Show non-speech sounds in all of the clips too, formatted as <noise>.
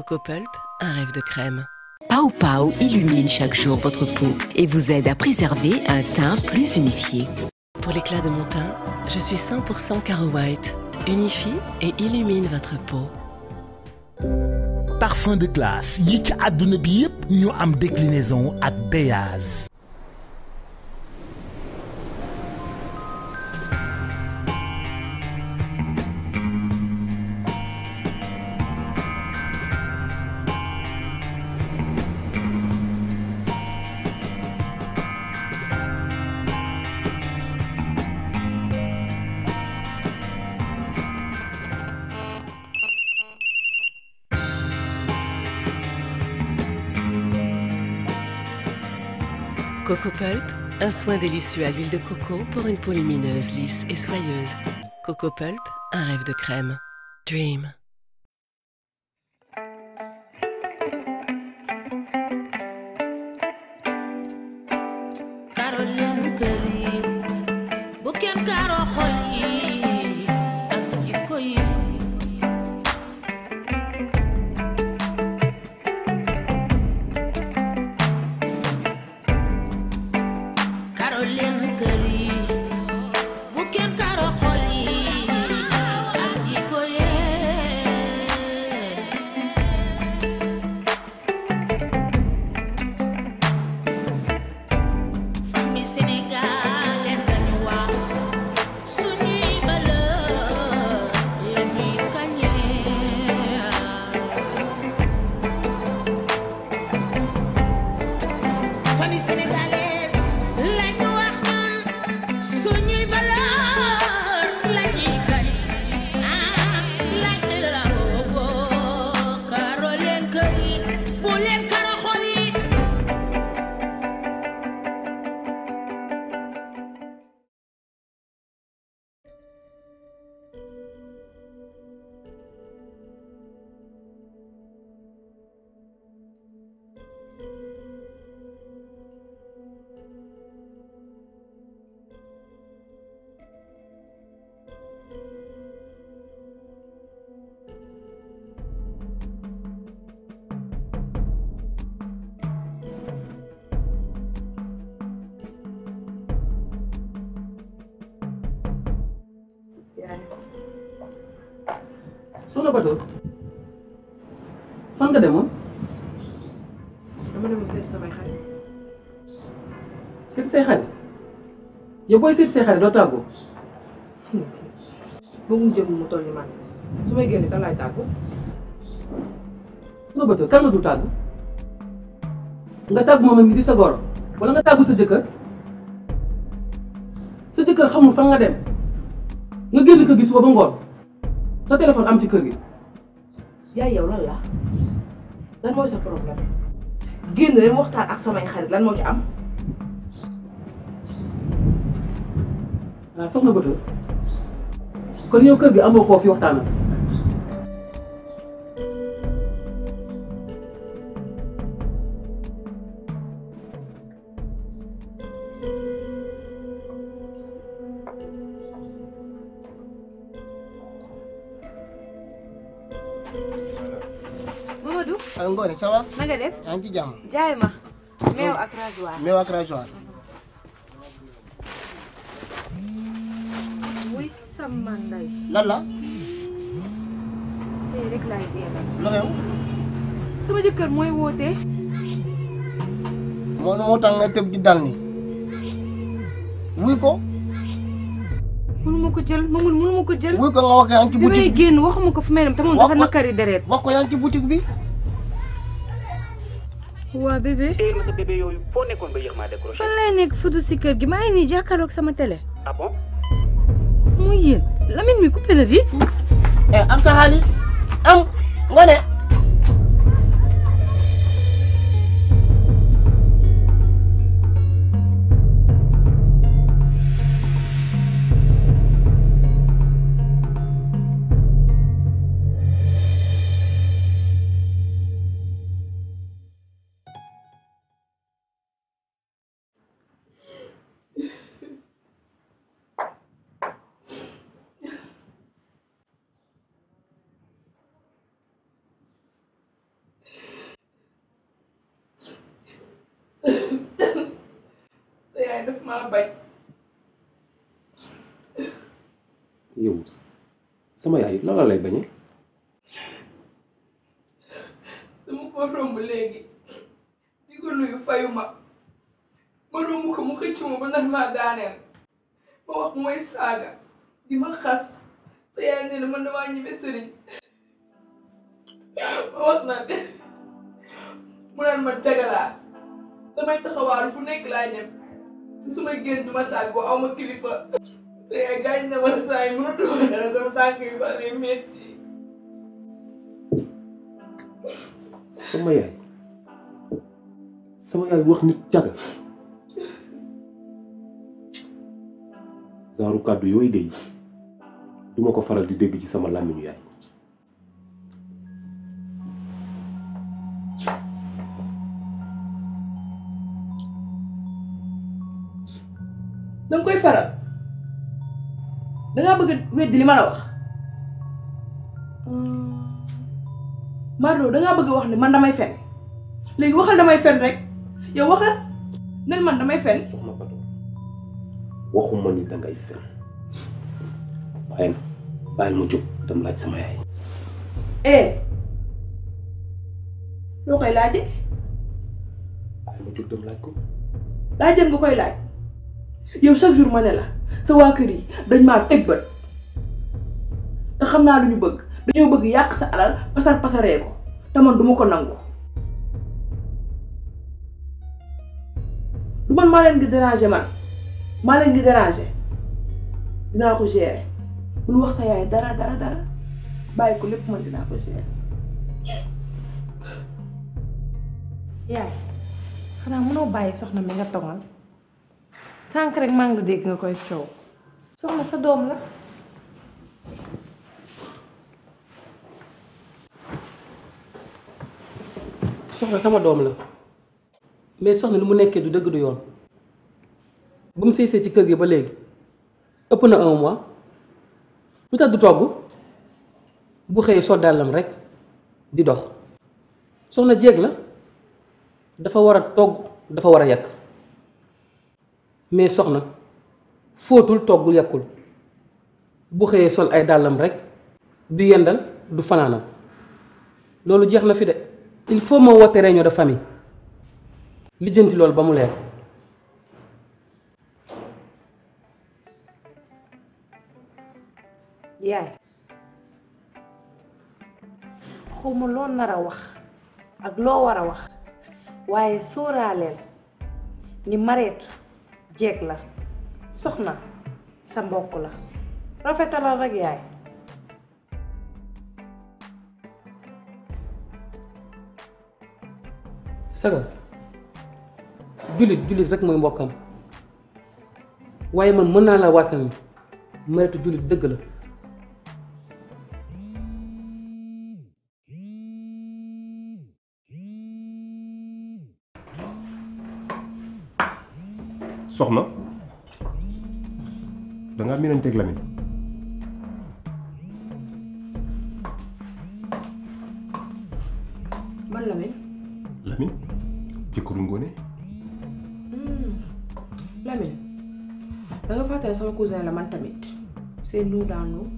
Coco Pulp, un rêve de crème. Pau Pau illumine chaque jour votre peau et vous aide à préserver un teint plus unifié. Pour l'éclat de mon teint, je suis 100% Caro White. Unifie et illumine votre peau. parfum de glace déclinaison Un soin délicieux à l'huile de coco pour une peau lumineuse, lisse et soyeuse. Coco Pulp, un rêve de crème. Dream. Caroline yow booy seet see xarit doo tàggoo. ba mu jëm mu toll nii man su may génn kan laay tàggoo. su ma bëtër kan nga dul tàggu. nga tàggu moom mi di sa goro wala nga tàggu sa jëkkër sa jëkkër xamul fan nga dem nga génn kër gi suba ba ngoon sa téléphone am ci kër gi. yaay yow lan la mooy sa problème génn leen waxtaan ak samay xarit lan moo ci am. soxna ah, Bouta kon yow kër gi amoo fi waxtaanal. Mamadou. Ngoone ça va. nga def. ci lan la. sama jëkkër mooy woote. moo moo tax nga tëb di dal ni wuy ko. mënuma ko jël ma ko jël. wuy ko nga wax ko yaa ngi bi fu may dem te moom dafa nakari deret. wax waa bébé. Eh, foo nekkoon ba yéex maa décroché. nekk si kër gi maa ngi nii jàkkaarloog sama télé. Ah mooy yéen Lamine mi coupé na di. Eh, am sa halis. am nga maa bañ. yow sama yaay lan la lay bañee. dama ko romb léegi di ko nuyu fayu ma ma romb ko mu xëcc ma ba ndax maa daaneel ma wax saaga di ma sa yaay nee na man damaa ñibbe sëriñ ma wax na de mu naan ma jagalaa damay taxawaaru fu nekk laa su ma génn du ma tàggoo kilifa. léegi gaañ na ma saa yi mënatu sama yaay sama yaay wax nit caga genre kàddu yooyu de duma ko faral di dégg ci sama làmmiñu yaay. danga koy faral dangaa bëgg a weddi li ma la wax Marlo dangaa bëgg a wax ne man damay fen léegi waxal damay fen rek yow waxal nen man damay fen soxna Fatou waxuma ni dangay fen waaye bàyyi ma jóg dem laaj sama yaay eh loo koy laaje bàyyi ma jóg dem laaj ko laajal nga koy laaj yow chaque jour ma ne la sa waa kër yi dañ maa teg bët te xam naa lu ñu bëgg dañoo bëgg yàq sa alal pasar pasaree ko te man du ko nangu. du man maa leen di déranger man maa leen di déranger dinaa ko gérer bul wax sa yaay dara dara dara bàyyi ko lépp man dinaa ko gérer. yaay xanaa mënoo bàyyi soxna mi nga tongal. sank rek mang ngi dégg nga koy ciow soxna sa dom la soxna sama dom la mais soxna lu mu nekké du deug du yoon bu mu séysee ci keur gi ba léegi ëpp na un mois lu tax du togg bu xey so dalam rek di dox soxna jégg la dafa wara a togg dafa wara yak mais soxna fóotul toggul yàkkul bu xëyee sol ay dàllam rek du yendal du fanaanal loolu jeex na fi de il faut moo woote réunion de famille lijjanti lool ba mu leer yaay xawma loo nar a wax ak loo war a wax waaye sóoraaleel ni mareetu jeeg la soxna sa mbokk la rafetalal rek yaay saga jullit jullit rek mooy mbokkam waaye man mën naa la waatal ni maritu jullit dëgg la soxna minante ak Lamine man Lamine Lamine jëkkëru ngone hmm. Lamine da nga fatale sama cousin la man tamit c'est nous dans nous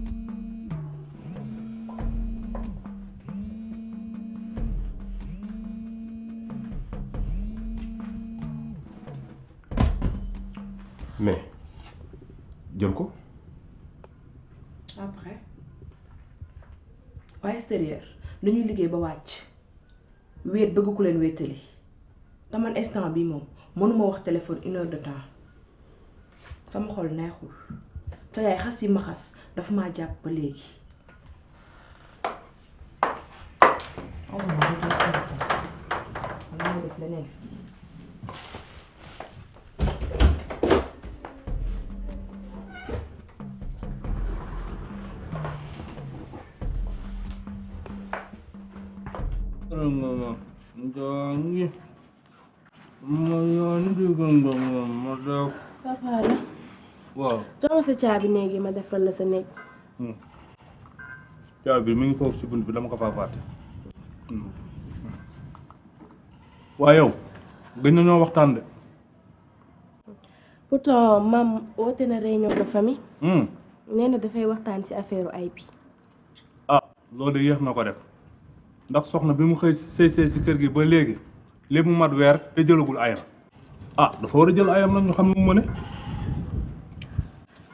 mais jël ko. après waa extérieur dañuy liggéey ba wàcc wéet bëgg ku leen wéetali te man instant bi moom mënuma wax téléphone une heure temps sama xol neexul sa yaay xas yi ma xas dafa maa jàpp ba léegi. Oh ma def leneen. gën ba ma def. papa la. waaw. jox ma sa caabi néeg yi ma defal la sa néeg. Hmm. bi mu ngi foofu ci bunt bi dama ko faa fàtte. Hmm. yow gën nañoo waxtaan de. pourtant maam woote na réunion de famille. Hmm. nee dafay waxtaan ci affaire ay bi. ah loolu yéex na ko def ndax soxna bi mu xëy sëy sëy si kër gi ba léegi lépp mu mat weer te jëlagul ayam ah dafa war a jël ayam nag ñu xam ne mu ne.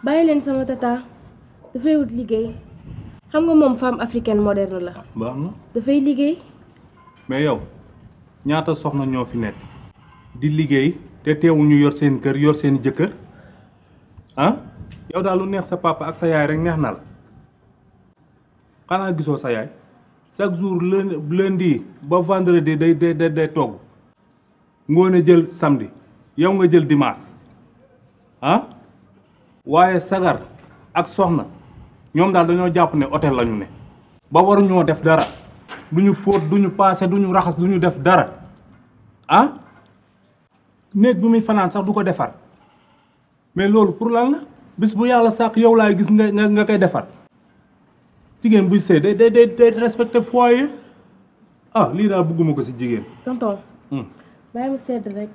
bàyyi leen sama tata dafay wut liggéey xam nga moom femme africaine moderne la. baax dafay liggéey. mais yow ñaata soxna ñoo fi nekk di liggéey te teewul ñu yor seen kër yor seen jëkkër ah yow daal lu neex sa papa ak sa yaay rek neex na la xanaa gisoo sa yaay chaque jour di ba vendredi day day day togg ngoone jël samedi yow nga jël dimas ah waye sagar ak soxna ñom daal dañoo japp ne hôtel la ne ba ñoo def dara duñu foot duñu passé duñu raxas duñu def dara ah neeg bu mi fanane sax duko defar mais lool pour lan la bis bu yalla sax yow lay gis nga nga kay defar jigen buy de day day day respecter respecté foyer ah li da bëgguma ko ci jigen tonton hmm mu sedd rek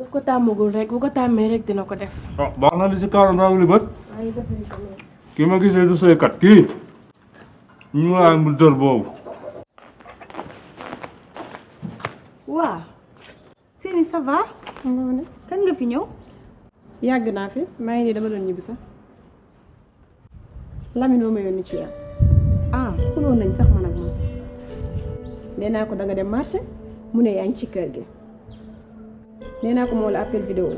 daf ko tàmmagul rek bu ko tàmmee rek dina ko def. waaw ah, baax na li si kaaroon raawuli bët. kii ma gisee du sëykat kii ñu laa mu dër boobu. waaw. Serigne ça va. nga fi ñëw. yàgg naa fi maa ngi nii dama doon ñibbi sax. Lamine moo ma yónni ci yow. ah xuloon nañ sax man ak moom. naa ko danga dem marché mu ne yaa ci kër gi. nee ko moo la appel vidéo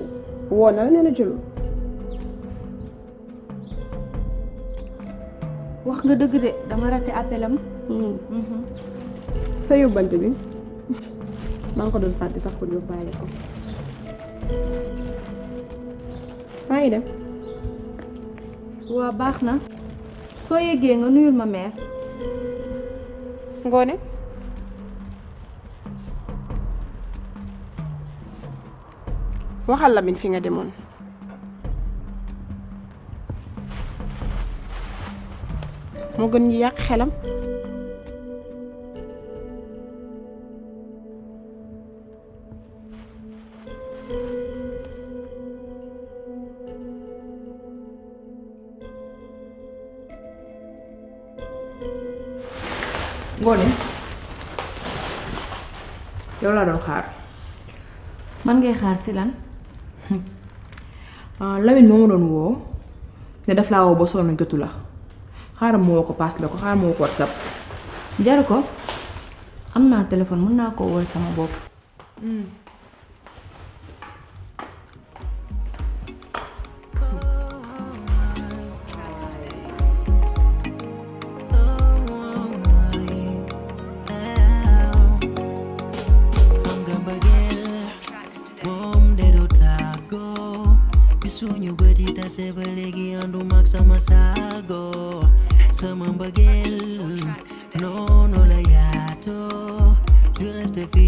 woo na la nee na jëlul wax nga dëgg de dama raté appelam hmm. mhm. sa yóbbante bi maa ngi ko doon fàtte sax pour yóbbaale ko maa ngi dem waa baax na soo yeggee nga nuyul ma mère ngoone waxal Lamine fi nga demoon moo gën ñu yàq xelam Ngoné yow laa doon xaar man ngay xaar si lan <laughs> Ah, Lamine moo ma doon woo ne daf laa woo ba sonn jotu la xaaral moo ko paas la ko xaaral ma ko whatsapp jaru ko am naa téléphone mën naa koo woo sama bopp. Hmm.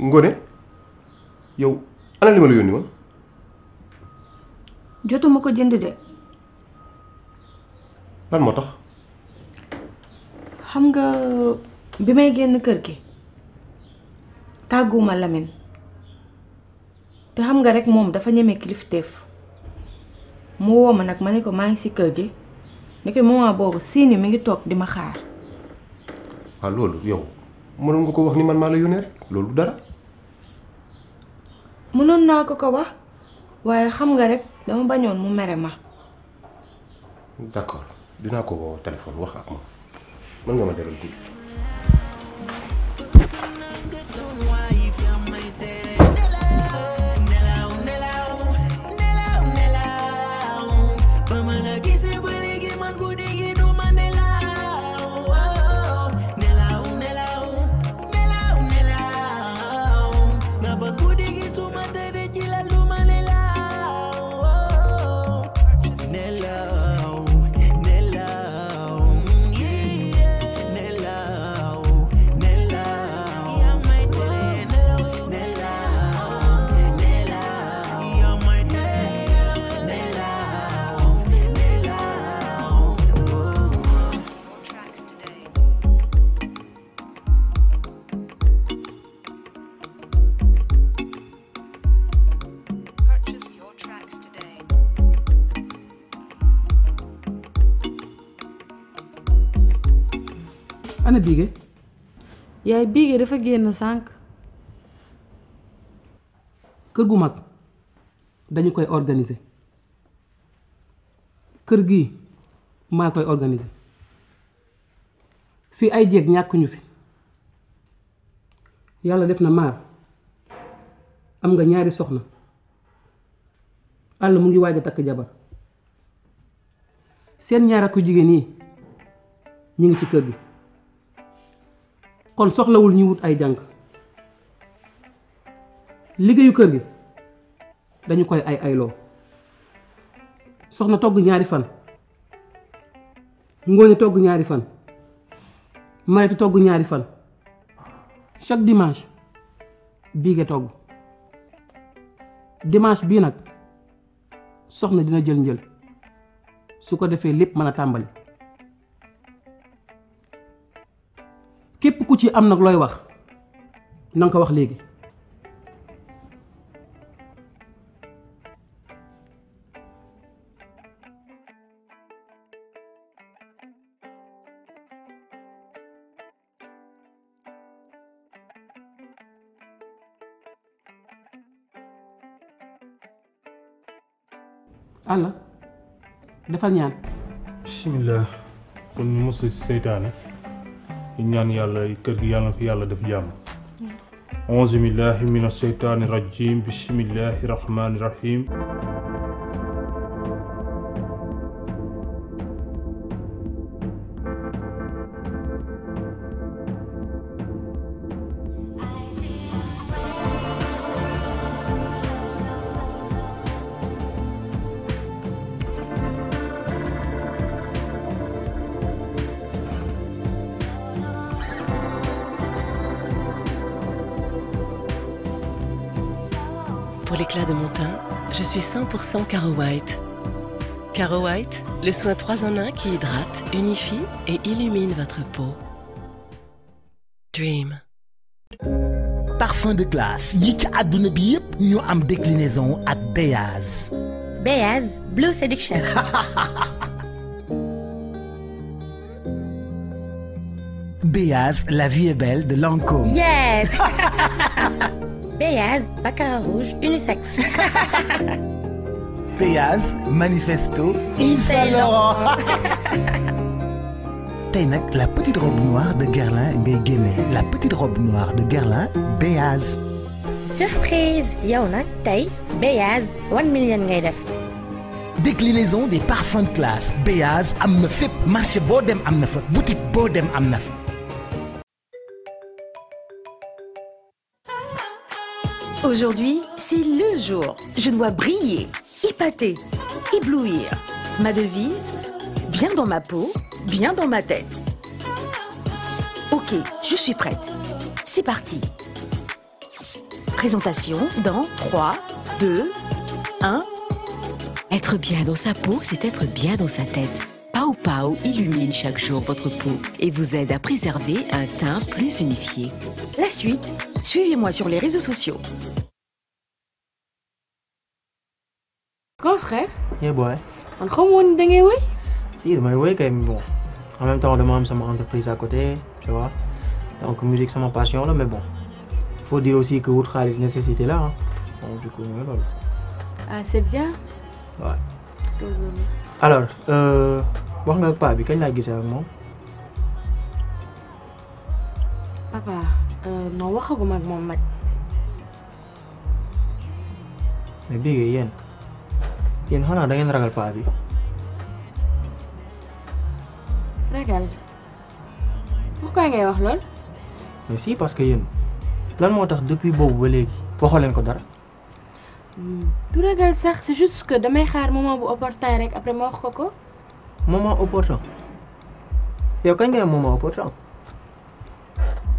ngone yow ana lima yoni won jotuma ko jënd de lan motax xam nga bimay genn génn kër gi taguma lamin te xam nga rek mom, dafa ñeme kilifteef mu woma nak nag ma ngi si kër gi ne ko moment bobu sini mi ngi tok di ma xaar wa ah, loolu yow mënoon nga ko wax ni man la rek dara mënoon naa ko ko wax waaye xam nga rek dama bañoon mu mere ma. d'accord dinaa ko woo téléphone wax ak moom mën nga ma delal guddi. yaay dafa génn sànq. kër gu mag dañu koy organiser kër gi maa koy organiser fii ay jéeg ñàkkuñu fi yàlla def na maar am nga ñaari soxna àll mu ngi waaj a takk jabar seen ñaar ak yi ñu ngi ci kër gi. kon soxlawul ñu wut ay jànq liggéeyu kër gi dañu koy ay ayloo soxna togg ñaari fan ngooñe togg ñaari fan maretu togg ñaari fan chaque dimanche bii nga togg dimanche bii nag soxna dina jël njël su ko defee lépp mën a tàmbali ci am nak loy wax nang ko wax legui الله دفال نيان بسم الله كن مصري السيطان ñaan yàlla kër gi yàlla fi yàlla أعوذ بالله من الشيطان الرجيم بسم الله الرحمن الرحيم 100% Caro White. Caro White, le soin 3 en 1 qui hydrate, unifie et illumine votre peau. Dream. Parfum de classe. Yik adoune am déclinaison ak Beyaz. Beyaz Blue Seduction. <laughs> Beyaz La vie est belle de Lancôme. Yes. <laughs> Beyaz Baccarat rouge unisex. <laughs> Béaz, Manifesto, Yves Saint Laurent. <laughs> Tainak, la petite robe noire de Gerlin ngay la petite robe noire de Gerlin Béaz. surprise yow Tay, Béaz 1 million ngay déclinaison des parfums de classe Béaz Amnefip, marche marché Bodem boutique Bodem Amnefip. Aujourd'hui, c'est le jour. Je dois briller, épater, éblouir. Ma devise Bien dans ma peau, bien dans ma tête. Ok, je suis prête. C'est parti. Présentation dans 3, 2, 1. Être bien dans sa peau, c'est être bien dans sa tête. Pau Pau illumine chaque jour votre peau et vous aide à préserver un teint plus unifié. La suite, suivez-moi sur les réseaux sociaux. Grand frère Yeah boy. En xamoon da ngay woy si damay woy kay bon en même temps dama am mon entreprise à côté tu vois donc musique mon passion là, mais bon faut dire aussi que outre les nécessités là, Hein. donc du coup voilà. ah c'est bien. ouais. alors euh, wax nga paa bi kañ a gisee ak moom. papa. non waxaguma ak moom nag. mais bii yéen yéen xanaa da ngeen ragal paa bi. ragal pourquoi ngay wax lool. mais si parce que yéen lan moo tax depuis boobu ba léegi waxoo leen ko dara. du ragal sax c'est juste que damay xaar moment bu opportun rek après ma wax ko ko. moment opportun yow kañ nga am moment opportun.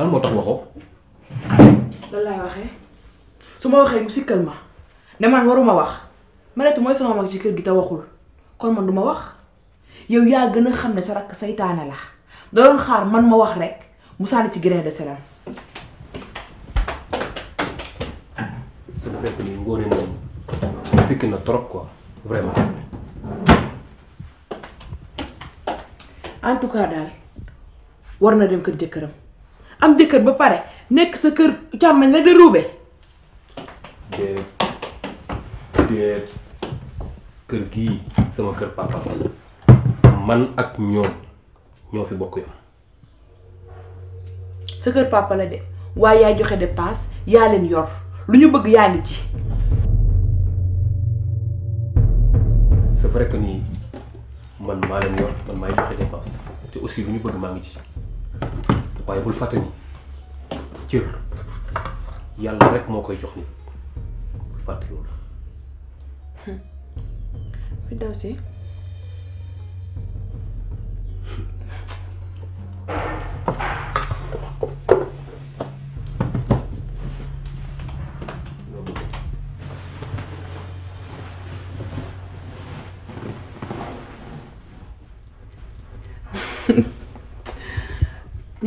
lan mo tax waxo lan lay waxe su ma mu sikkal ma ne man waruma wax tu moy sama mag ci keur gi ta waxul kon man duma wax yow yaa gëna a sa rak la do doon xaar man ma wax rek mu sal ci grain de salam su fekk ni ngóone moom sikki na trop quoi vraiment en tout cas dal warna dem kër am jëkkër ba pare nekk sa kër càmmañ la de ruube déet déet kër gii sama kër papa man ak ñoom ñoo fi bokk yam sa kër papa la de waaye yaa joxe dépense yaa leen yor lu ñu bëgg yaa ci c'est vrai que nii man maa leen yor man maay joxe dépense te aussi lu ñu bëgg maa ngi ci waaye vous pas, ni cër yàlla rek moo koy jox nit bul fàtte loolu <laughs>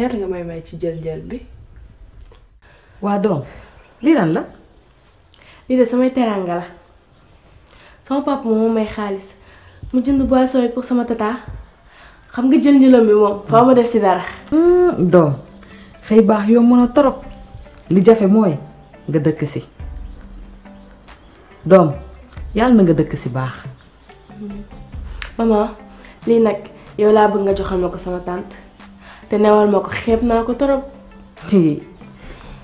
ñaar nga may may ci jël jël bi wa doom li lan la li de sama teranga la sama papa mo may xaliss mu jënd boisson yi pour sama tata xam nga jël jëlam bi mom fa ma def ci dara hmm, doom fay bax yo mëna torop li jafe moy nga dëkk ci doom yal na nga dëkk ci bax mama li nak yow la bëgg nga joxal mako sama tante te newal ma ko xeeb naa ko torop ci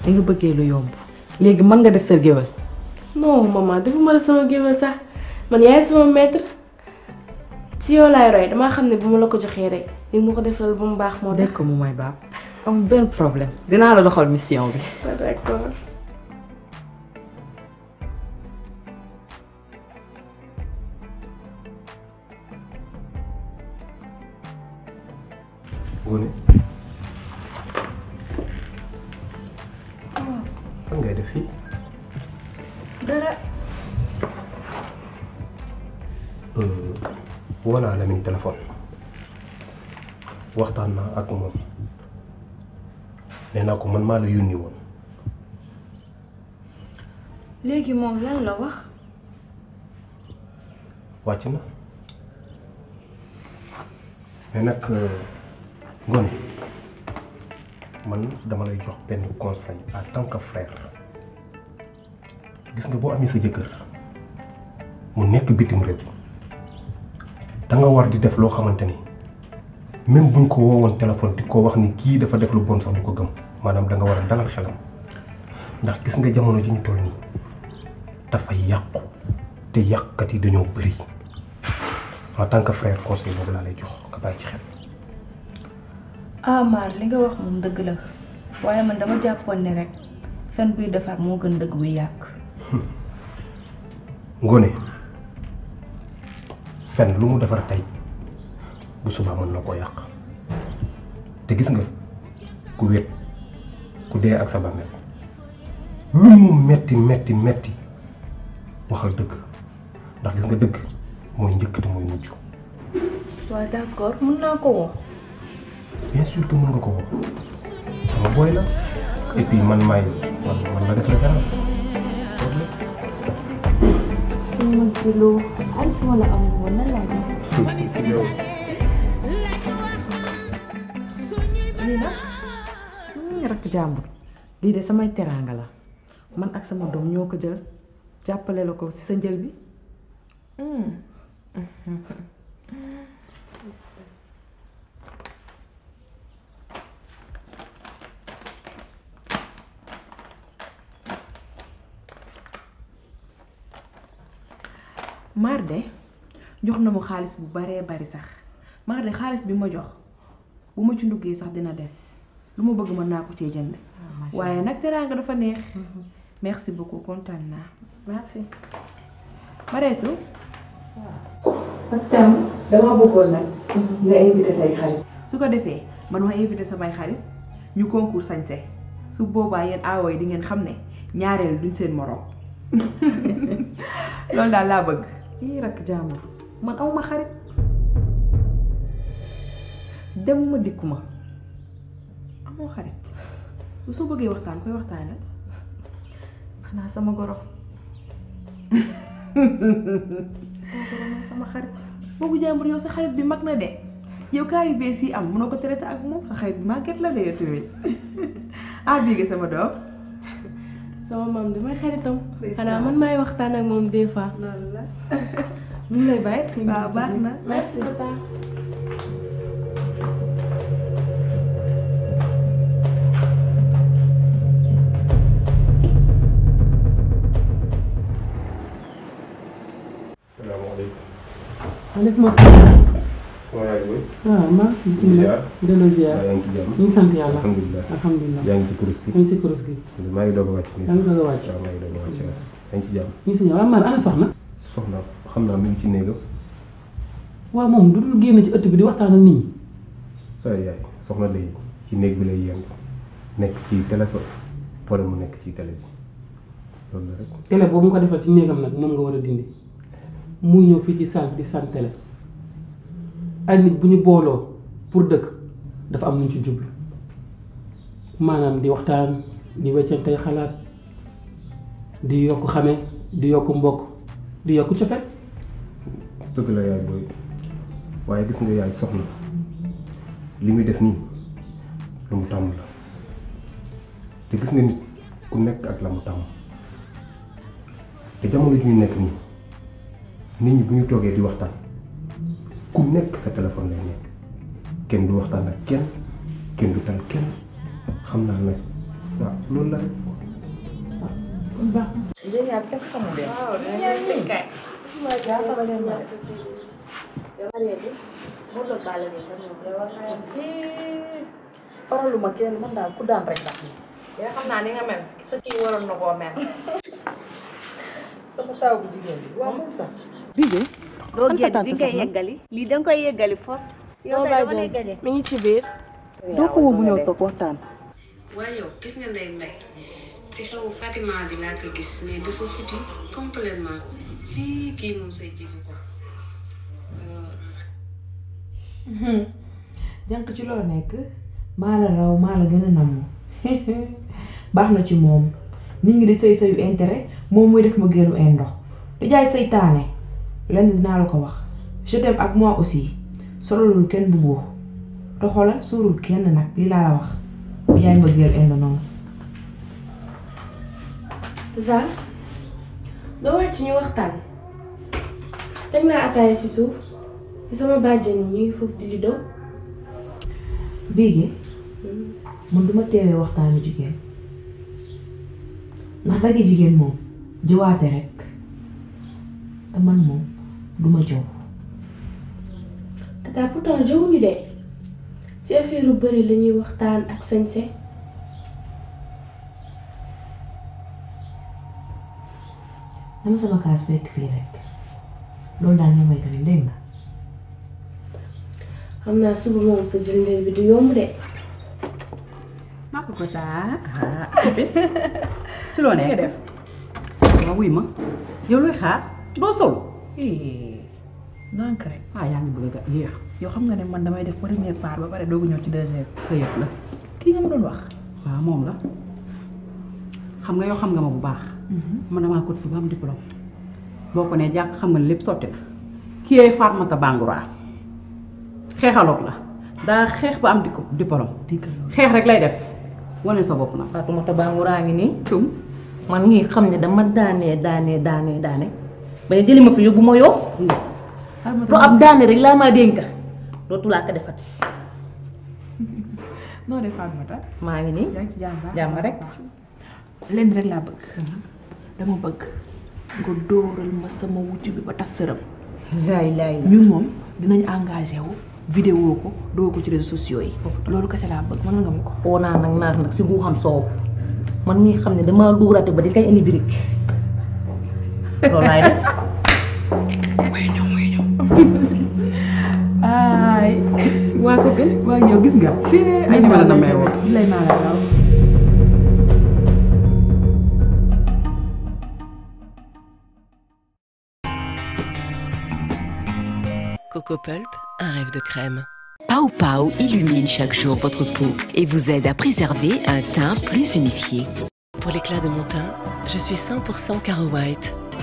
da nga bëggee lu yomb léegi mën nga def sa géwél non maman dafa ma la sama géwél sax man yaay sama maître ci yow laay roy damaa xam ne bu ma la ko joxee rek li ma ko defal ba mu baax moo dégg ko mu may baax am benn problème dinaa la doxal mission bi ah, anna ak mom nee ko man ma la yoni won léegi mom lan la wax. wàcc na mais nag Ngoné man dama lay jox ben conseil en tant que frère gis nga bo amee sa jëkkër mu nekk bitim rek da nga war di def lo xamanteni même buñ ko wowon téléphone di ko wax ni ki dafa def lu bon sax du gëm manam da nga wara dalal xelam ndax gis nga jamono ji ñu toll nii dafa yàqu te yàqkat yi dañoo bëri en tant que frère conseil bobu la lay jox ka bay ci xel. ah li nga wax moom deug la waye man dama jappone ne rek fen buy ak mo gën deug bu yaq hmm. Ngone fen lu mu defar tay bu suba mën na ko yàq te gis nga ku wet ku dee ak sa bàmmeel lu mu metti metti metti waxal dëgg ndax gis nga dëgg mooy njëkk te mooy mujj. waa d' accord mën naa ko woo. bien sûr que mën nga ko woo sama booy la et puis man maay man man la def référence. man ci ay sama la am woon nan laa def. lii hmm, nag rakk jàmbur lii de samay teranga la man ak sama doom ñoo ko jël jàppale la ko ci sa njël bi hmm. Marde jox na mo xaalis bu bare bari sax Marde xaalis bi mo jox bu ma ci nduggee sax dina des lu ma bëgg mën naa ko cee jënd ah, waaye nag teraanga dafa neex mm-hmm. merci beaucoup kontaan naa merci Mareetu nga invité say xarit su ko defee man ma invité samay xarit ñu concours sañse su boobaa yéen aawooy di ngeen xam ne ñaareel duñ seen moroom <laughs> loolu daal laa bëgg yii rakk jàmm man awma xarit dem ma dikku ma amoo xarit bu soo bëggee waxtaan koy waxtaane xanaa sama goro <laughs> sama xarit boobu jàmbur yow sa xarit bi mag na de yow kaa yu bees yi am munoo ko traité ak moom sa xarit bi màgget la de yow tamit <laughs> ah bii sama doom sama maam damay xaritam xanaa man maay waxtaan ak moom des fois loolu <laughs> lay bàyyi waaw baax alif masala sama yaay booy ma bismillah dëla ziar yaa ya. ci jàmm ñu sant yàlla alhamdulilah alhamdulilah yaa ngi ci kurus gi ñu ngi ci kurus gi maa ngi doog a wàcc nii yaa ngi doog a wàcc waaw maa ngi doog a wàcc yaa ngi ci jàmm ñu ngi si ñëw man ana soxna soxna xam naa mi ngi ci néegam waaw moom du dul génn ci ëtt bi dindi muy ñëw fii ci salle di santale ay nit bu ñu booloo pour dëkk dafa am nuñ ci jublu maanaam di waxtaan di tey xalaat di yokk xame di yokk mbokk di yokk cofet dëgg la yaay booy waaye gis nga yaay soxna li muy def nii lu mu tàmm la te gis nga nit ku nekk ak la mu tàmm te jamono ju ñu nekk nii nit ñi bu ñu toogee di waxtaan ku nekk sa téléphone lay nekk kenn du waxtaan ak kenn kenn du tal kenn xam naa nag waaw loolu la rek. faraluma kenn man daal ku daan rek yaa xam naa ni nga mel sa kii sama taw bu jigéen bi lii de. doo génn di lii da koy yeggali force. yow bàjjen ngi ci biir. doo ko woo mu ñëw toog waxtaan. waaye yow gis nga ko gis mais kii moom euh. ci loo nekk maa la raw maa la gën a namm <laughs> baax na ci moom nit ngi di sëy sëyu intérêt moom muy def ma génnu ay ndox jaay seytaane. lenn dinaa la ko wax je dem ak moi aussi solalul kenn bu buux te xoolal suurul kenn nag li laa la wax yaay mbëggeel indi noonu Val doo wàcc ñu waxtaan teg naa ataaya si suuf te sama bàjjen ni ñu ngi foofu di lido biige man duma teewee waxtaanu jigéen ndax dagi jigéen moom jiwaate rek te man moom du ma jëw tata pourtant jëwuñu de ci affaire yu la ñuy waxtaan ak sañse dama sama kaas fekk fii rek loolu daal ñu may tamit dégg xam naa suba moom sa jëndeel bi du yomb de ma ko taa ah, ah. <laughs> ci loo nekk def waaw ma yow looy xaar doo sol donc eh, rek ah yaa ngi bëgg a yéex yoo xam nga ne man damay def première part ba pare doogu ñëw ci deuxième sa yëf la kii nga ma doon wax waaw moom la xam nga yoo xam nga ma bu baax mm-hmm. man damaa kot si ba am diplôme boo ko ne jàpp xam nga lépp sotti na kii ay Fatmata Bangoura xeexaloog la daa xeex ba am di ko diplôme xeex rek lay def wane sa bopp na Fatmata Bangoura ngi nii cum man ngi xam ne dama daanee daanee daanee daanee ma ne jëli ma fi yóbbu ma yoof hmm. ah, ab daane rek laa maa dénka dootu laa ko defati. <laughs> noo maa ngi nii jàmba rek. lenn rek laa bëgg. dama bëgg nga dóoral ma sama wujj bi ba tas sërëm. laay laay ñun moom dinañ engagé wu. vidéo ko doo ko ci réseaux sociaux yi. loolu kese laa bëgg mën nga ma ko. oo naa nag naar nag si bu xam soow man mi xam ne dama duuraate ba di kay indi birig Coco Pulp, un rêve de crème. Pau Pau illumine chaque jour votre peau et vous aide à préserver un teint plus unifié. Pour l'éclat de mon teint, je suis 100% Caro White.